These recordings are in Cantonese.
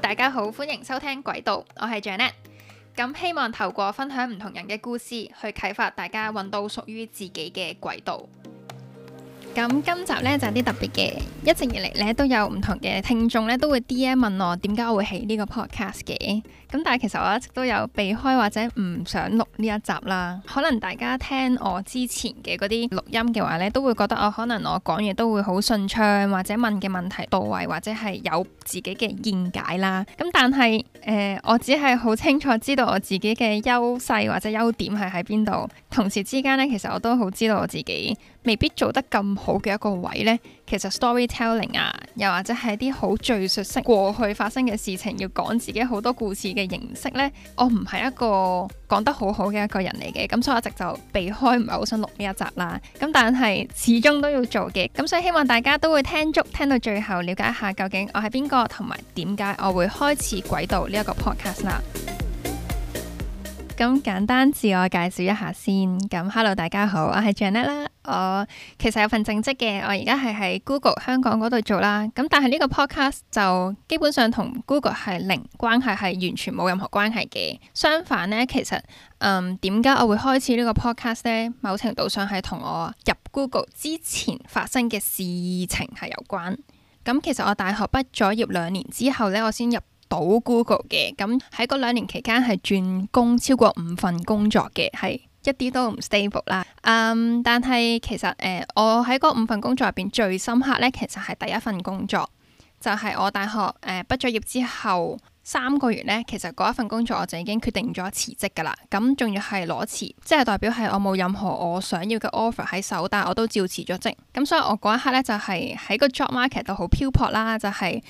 大家好，歡迎收聽軌道，我係 Janet，咁希望透過分享唔同人嘅故事，去啟發大家揾到屬於自己嘅軌道。咁今集咧就有啲特別嘅，一直以嚟咧都有唔同嘅聽眾咧都會 DM 問我點解我會喺呢個 podcast 嘅，咁但係其實我一直都有避開或者唔想錄呢一集啦。可能大家聽我之前嘅嗰啲錄音嘅話咧，都會覺得我可能我講嘢都會好順暢，或者問嘅問題到位，或者係有自己嘅見解啦。咁但係誒、呃，我只係好清楚知道我自己嘅優勢或者優點係喺邊度，同時之間咧，其實我都好知道我自己。未必做得咁好嘅一個位呢，其實 storytelling 啊，又或者係啲好敘述式過去發生嘅事情，要講自己好多故事嘅形式呢。我唔係一個講得好好嘅一個人嚟嘅，咁所以一直就避開，唔係好想錄呢一集啦。咁但係始終都要做嘅，咁所以希望大家都會聽足，聽到最後，了解一下究竟我係邊個同埋點解我會開始軌道呢一個 podcast 啦。咁簡單自我介紹一下先。咁，hello 大家好，我係 Janet 啦。我其實有份正職嘅，我而家係喺 Google 香港嗰度做啦。咁但係呢個 podcast 就基本上同 Google 係零關係，係完全冇任何關係嘅。相反呢，其實嗯，點解我會開始呢個 podcast 呢？某程度上係同我入 Google 之前發生嘅事情係有關。咁其實我大學畢咗業兩年之後呢，我先入。到 Google 嘅咁喺嗰兩年期間係轉工超過五份工作嘅，係一啲都唔 stable 啦。嗯，但係其實誒、呃，我喺嗰五份工作入邊最深刻咧，其實係第一份工作就係、是、我大學誒，畢、呃、咗業之後，三個月呢，其實嗰一份工作我就已經決定咗辭職㗎喇，咁仲要係裸辭，即係代表係我冇任何我想要嘅 offer 喺手，但我都照辭咗職。咁所以我嗰一刻呢，就係喺個 job market 度好漂泊啦，就係、是、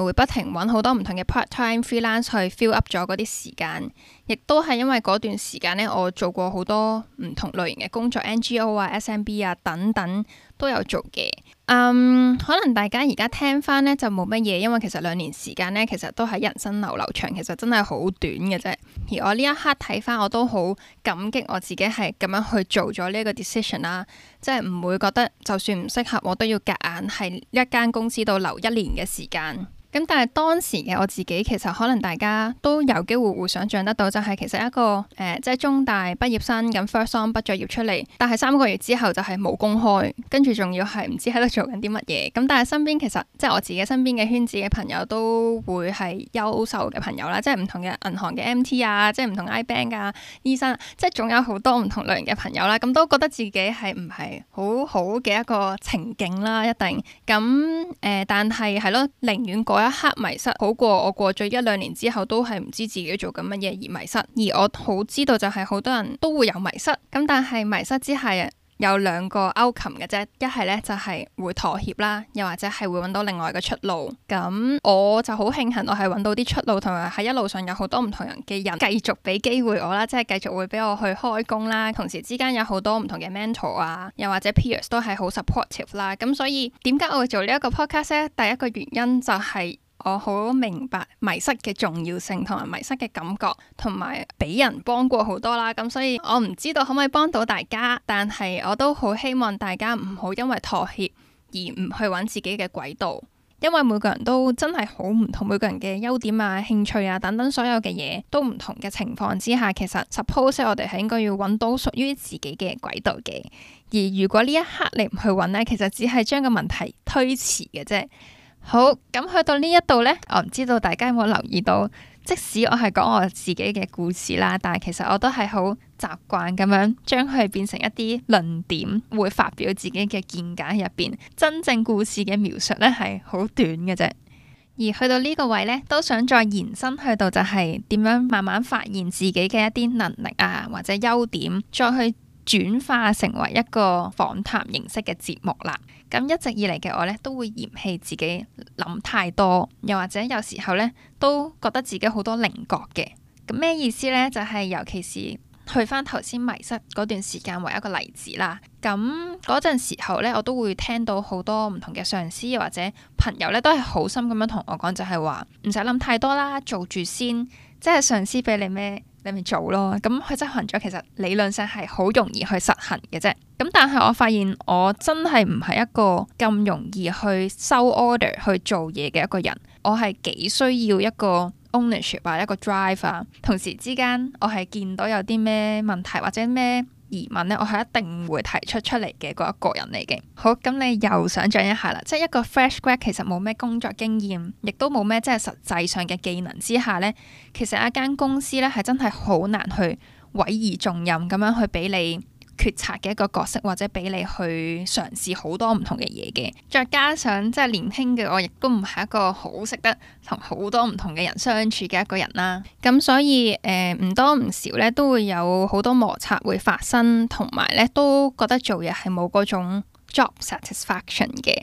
誒會不停揾好多唔同嘅 part time freelance 去 fill up 咗嗰啲時間。亦都係因為嗰段時間呢，我做過好多唔同類型嘅工作，NGO 啊、SMB 啊等等都有做嘅。嗯，um，可能大家而家聽翻呢就冇乜嘢，因為其實兩年時間呢，其實都係人生流流長，其實真係好短嘅啫。而我呢一刻睇翻，我都好感激我自己係咁樣去做咗呢個 decision 啦，即係唔會覺得就算唔適合，我都要夾硬喺一間公司度留一年嘅時間。咁但係當時嘅我自己其實可能大家都有機會會想象得到，就係其實一個誒、呃、即係中大畢業生咁 first one 畢咗業出嚟，但係三個月之後就係冇工開，跟住仲要係唔知喺度做緊啲乜嘢。咁但係身邊其實即係我自己身邊嘅圈子嘅朋友都會係優秀嘅朋友啦，即係唔同嘅銀行嘅 MT 啊，即係唔同 IBank 啊，醫生，即係仲有好多唔同類型嘅朋友啦。咁都覺得自己係唔係好好嘅一個情景啦，一定。咁誒、呃、但係係咯，寧願改。有一刻迷失，好過我過咗一兩年之後都係唔知自己做緊乜嘢而迷失。而我好知道就係好多人都會有迷失，咁但係迷失之下，有兩個 outcome 嘅啫，一係呢就係會妥協啦，又或者係會揾到另外嘅出路。咁我就好慶幸我係揾到啲出路，同埋喺一路上有好多唔同的人嘅人繼續俾機會我啦，即係繼續會俾我去開工啦。同時之間有好多唔同嘅 mentor 啊，又或者 peers 都係好 supportive 啦。咁所以點解我會做呢一個 podcast 咧？第一個原因就係、是。我好明白迷失嘅重要性，同埋迷失嘅感覺，同埋俾人幫過好多啦。咁所以我唔知道可唔可以幫到大家，但係我都好希望大家唔好因為妥協而唔去揾自己嘅軌道，因為每個人都真係好唔同，每個人嘅優點啊、興趣啊等等所有嘅嘢都唔同嘅情況之下，其實 suppose 我哋係應該要揾到屬於自己嘅軌道嘅。而如果呢一刻你唔去揾呢，其實只係將個問題推遲嘅啫。好，咁去到呢一度呢，我唔知道大家有冇留意到，即使我係講我自己嘅故事啦，但係其實我都係好習慣咁樣將佢變成一啲論點，會發表自己嘅見解入邊，真正故事嘅描述呢係好短嘅啫。而去到呢個位呢，都想再延伸去到就係點樣慢慢發現自己嘅一啲能力啊，或者優點，再去。轉化成為一個訪談形式嘅節目啦。咁一直以嚟嘅我呢，都會嫌棄自己諗太多，又或者有時候呢，都覺得自己好多稜角嘅。咁咩意思呢？就係、是、尤其是去翻頭先迷失嗰段時間為一個例子啦。咁嗰陣時候呢，我都會聽到好多唔同嘅上司或者朋友呢，都係好心咁樣同我講，就係話唔使諗太多啦，做住先。即係上司俾你咩？你咪做咯，咁佢執行咗，其實理論上係好容易去實行嘅啫。咁但係我發現我真係唔係一個咁容易去收 order 去做嘢嘅一個人，我係幾需要一個 ownership 啊，一個 drive 啊。同時之間，我係見到有啲咩問題或者咩疑問咧，我係一定唔會提出出嚟嘅嗰一個人嚟嘅。好，咁你又想像一下啦，即係一個 fresh grad 其實冇咩工作經驗，亦都冇咩即係實際上嘅技能之下呢。其實一間公司呢，係真係好難去委以重任咁樣去俾你。決策嘅一個角色，或者俾你去嘗試好多唔同嘅嘢嘅，再加上即係年輕嘅我，亦都唔係一個好識得同好多唔同嘅人相處嘅一個人啦。咁所以誒，呃，唔多唔少咧，都會有好多摩擦會發生，同埋咧都覺得做嘢係冇嗰種 job satisfaction 嘅。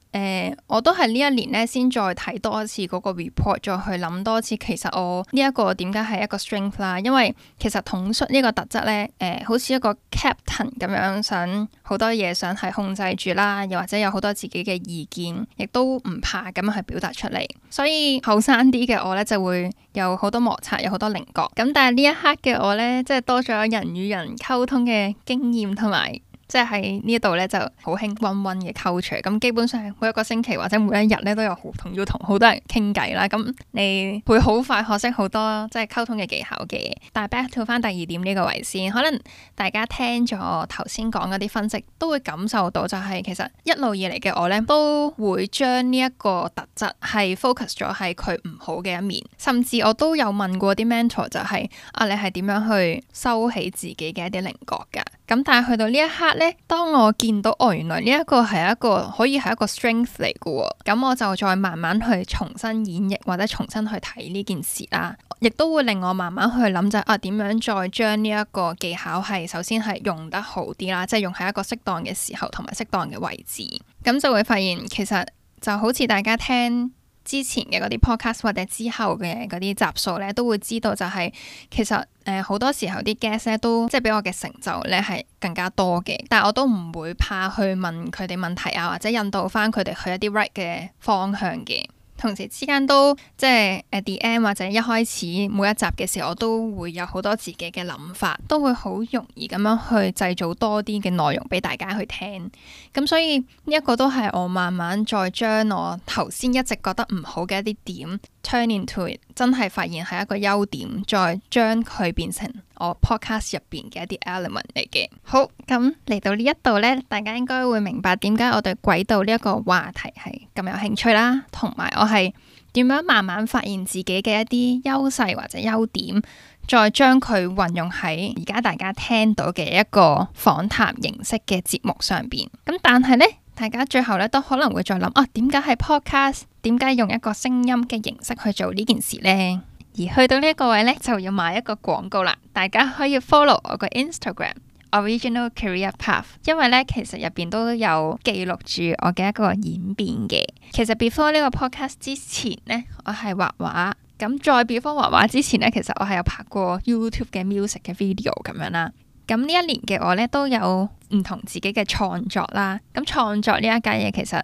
誒、呃，我都係呢一年咧，先再睇多一次嗰個 report，再去諗多一次。其實我呢一個點解係一個 strength 啦，因為其實統率呢個特質咧，誒、呃，好似一個 captain 咁樣，想好多嘢，想係控制住啦，又或者有好多自己嘅意見，亦都唔怕咁去表達出嚟。所以後生啲嘅我咧，就會有好多摩擦，有好多稜角。咁但係呢一刻嘅我咧，即係多咗人與人溝通嘅經驗同埋。即係喺呢一度咧，就好興嗡嗡嘅溝出，咁基本上每一個星期或者每一日咧都有好同要同好多人傾偈啦，咁你會好快學識好多即係溝通嘅技巧嘅。但係 back to 翻第二點呢個位先，可能大家聽咗我頭先講嗰啲分析，都會感受到就係其實一路以嚟嘅我呢，都會將呢一個特質係 focus 咗喺佢唔好嘅一面，甚至我都有問過啲 mentor 就係、係、啊你係點樣去收起自己嘅一啲稜角㗎？咁但係去到呢一刻。咧，當我見到我，哦，原來呢一個係一個可以係一個 strength 嚟嘅，哦，咁我就再慢慢去重新演繹或者重新去睇呢件事啦，亦都會令我慢慢去諗就啊，點樣再將呢一個技巧係首先係用得好啲啦，即係用喺一個適當嘅時候同埋適當嘅位置，咁就會發現其實就好似大家聽，之前嘅嗰啲 podcast 或者之後嘅嗰啲集數咧，都會知道就係、是、其實誒好、呃、多時候啲 guest 咧都即係比我嘅成就咧係更加多嘅，但係我都唔會怕去問佢哋問題啊，或者引導翻佢哋去一啲 right 嘅方向嘅。同時之間都即係誒 DM 或者一開始每一集嘅時候，我都會有好多自己嘅諗法，都會好容易咁樣去製造多啲嘅內容俾大家去聽。咁所以呢一個都係我慢慢再將我頭先一直覺得唔好嘅一啲點，turn into it 真係發現係一個優點，再將佢變成我 podcast 入邊嘅一啲 element 嚟嘅。好，咁嚟到呢一度呢，大家應該會明白點解我對軌道呢一個話題係咁有興趣啦，同埋我係點樣慢慢發現自己嘅一啲優勢或者優點，再將佢運用喺而家大家聽到嘅一個訪談形式嘅節目上邊。咁但係呢。大家最後咧都可能會再諗啊，點解係 podcast？點解用一個聲音嘅形式去做呢件事呢？而去到呢一個位咧，就要賣一個廣告啦。大家可以 follow 我個 Instagram Original Career Path，因為咧其實入邊都有記錄住我嘅一個演變嘅。其實 before 呢個 podcast 之前呢，我係畫畫。咁再 before 畫畫之前呢，其實我係有拍過 YouTube 嘅 music 嘅 video 咁樣啦。咁呢一年嘅我咧都有唔同自己嘅創作啦。咁、嗯、創作呢一家嘢其實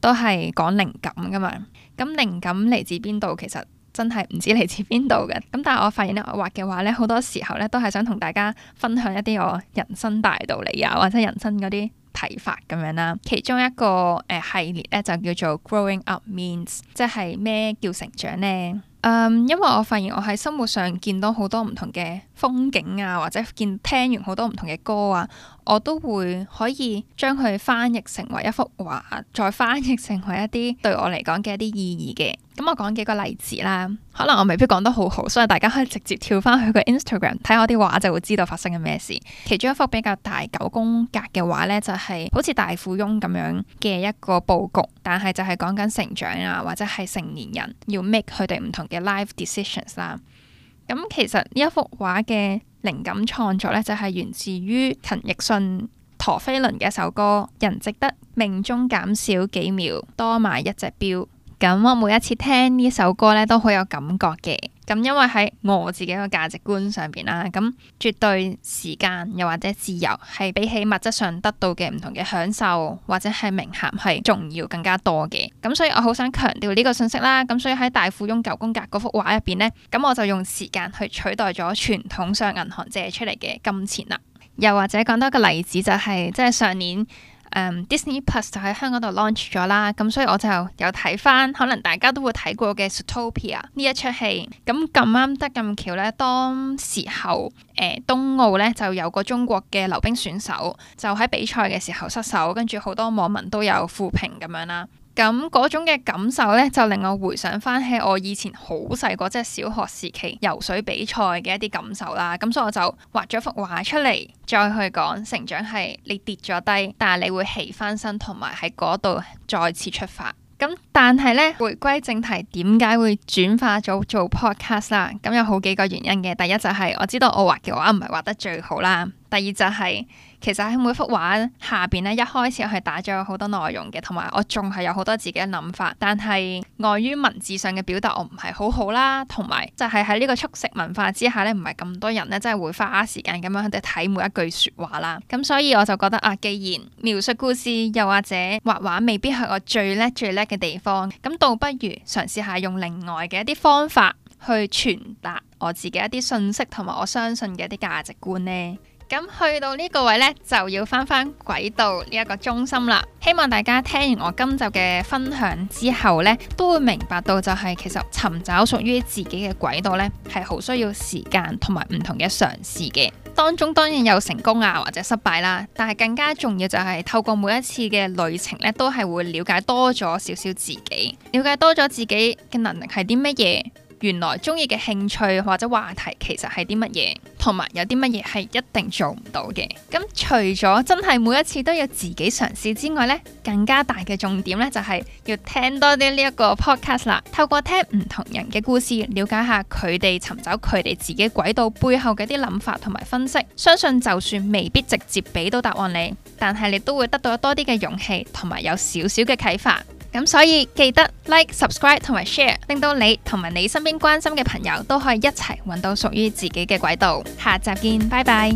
都係講靈感噶嘛。咁、嗯、靈感嚟自邊度，其實真係唔知嚟自邊度嘅。咁、嗯、但係我發現咧，我畫嘅話咧，好多時候咧都係想同大家分享一啲我人生大道理啊，或者人生嗰啲睇法咁樣啦。其中一個誒、呃、系列咧就叫做 Growing Up Means，即係咩叫成長呢？嗯，因為我發現我喺生活上見到好多唔同嘅。風景啊，或者見聽完好多唔同嘅歌啊，我都會可以將佢翻譯成為一幅畫，再翻譯成為一啲對我嚟講嘅一啲意義嘅。咁我講幾個例子啦，可能我未必講得好好，所以大家可以直接跳翻去個 Instagram 睇下我啲畫就會知道發生緊咩事。其中一幅比較大九宮格嘅畫呢，就係、是、好似大富翁咁樣嘅一個布局，但係就係講緊成長啊，或者係成年人要 make 佢哋唔同嘅 life decisions 啦。咁其實呢一幅畫嘅靈感創作呢，就係、是、源自於陳奕迅《陀飛輪》嘅一首歌《人值得命中減少幾秒多買一隻表》。咁我每一次聽呢首歌呢，都好有感覺嘅。咁因為喺我自己個價值觀上邊啦，咁絕對時間又或者自由，係比起物質上得到嘅唔同嘅享受或者係名銜係重要更加多嘅。咁所以我好想強調呢個信息啦。咁所以喺大富翁九宮格嗰幅畫入邊呢，咁我就用時間去取代咗傳統上銀行借出嚟嘅金錢啦。又或者講多一個例子，就係，就係即係上年。Um, Disney Plus 就喺香港度 launch 咗啦，咁所以我就有睇返，可能大家都會睇過嘅《Zootopia》呢一齣戲。咁咁啱得咁巧咧，當時候誒、呃、冬奧咧就有個中國嘅溜冰選手就喺比賽嘅時候失手，跟住好多網民都有負評咁樣啦。咁嗰種嘅感受呢，就令我回想翻起我以前好細個，即係小學時期游水比賽嘅一啲感受啦。咁所以我就畫咗幅畫出嚟，再去講成長係你跌咗低，但係你會起翻身，同埋喺嗰度再次出發。咁但係呢，回歸正題，點解會轉化咗做 podcast 啦？咁有好幾個原因嘅。第一就係我知道我畫嘅畫唔係畫得最好啦。第二就係、是。其實喺每幅畫下邊咧，一開始我係打咗好多內容嘅，同埋我仲係有好多自己嘅諗法。但係礙於文字上嘅表達，我唔係好好啦。同埋就係喺呢個速食文化之下咧，唔係咁多人咧，真係會花時間咁樣去睇每一句說話啦。咁所以我就覺得啊，既然描述故事又或者畫畫未必係我最叻最叻嘅地方，咁倒不如嘗試下用另外嘅一啲方法去傳達我自己一啲信息同埋我相信嘅一啲價值觀呢。咁去到呢個位呢，就要翻翻軌道呢一個中心啦。希望大家聽完我今集嘅分享之後呢，都會明白到就係其實尋找屬於自己嘅軌道呢，係好需要時間同埋唔同嘅嘗試嘅。當中當然有成功啊，或者失敗啦。但係更加重要就係透過每一次嘅旅程呢，都係會了解多咗少少自己，了解多咗自己嘅能力係啲乜嘢。原來中意嘅興趣或者話題其實係啲乜嘢，同埋有啲乜嘢係一定做唔到嘅。咁除咗真係每一次都要自己嘗試之外呢，更加大嘅重點呢，就係要聽多啲呢一個 podcast 啦。透過聽唔同人嘅故事，了解下佢哋尋找佢哋自己軌道背後嘅啲諗法同埋分析，相信就算未必直接俾到答案你，但係你都會得到多啲嘅勇氣同埋有少少嘅啟發。咁所以記得 Like、Subscribe 同埋 Share，令到你同埋你身邊關心嘅朋友都可以一齊揾到屬於自己嘅軌道。下集見，拜拜。